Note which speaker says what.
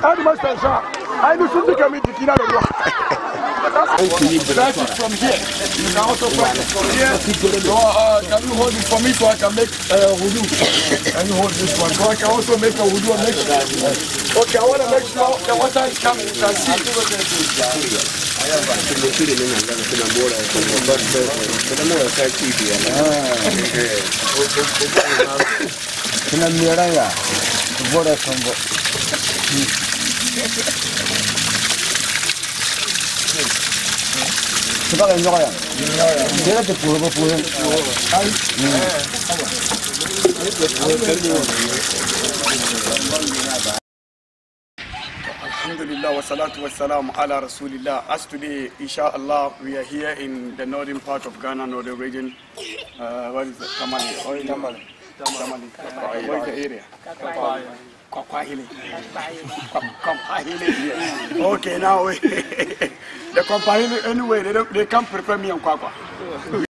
Speaker 1: Animal Sergent, I know something can be the the law. Practice from here. You can also practice from here. So, uh, can you hold it for me so I can make uh, wudu? Can you hold this one? So I can also make a wudu and make sure. Okay, I want to make sure the water is coming. You can see.
Speaker 2: Kina mira ya, bora sombo.
Speaker 3: Sebagai nyokoya. Dia Kali.
Speaker 4: Alhamdulillah wa salatu wa salam ala Rasulillah. As today, inshallah, we are here in the northern part of Ghana, northern region. Uh, what is it? Tamale. Tamale. Okay, now the company anyway, they, don't, they can't prepare me on Kwakwa.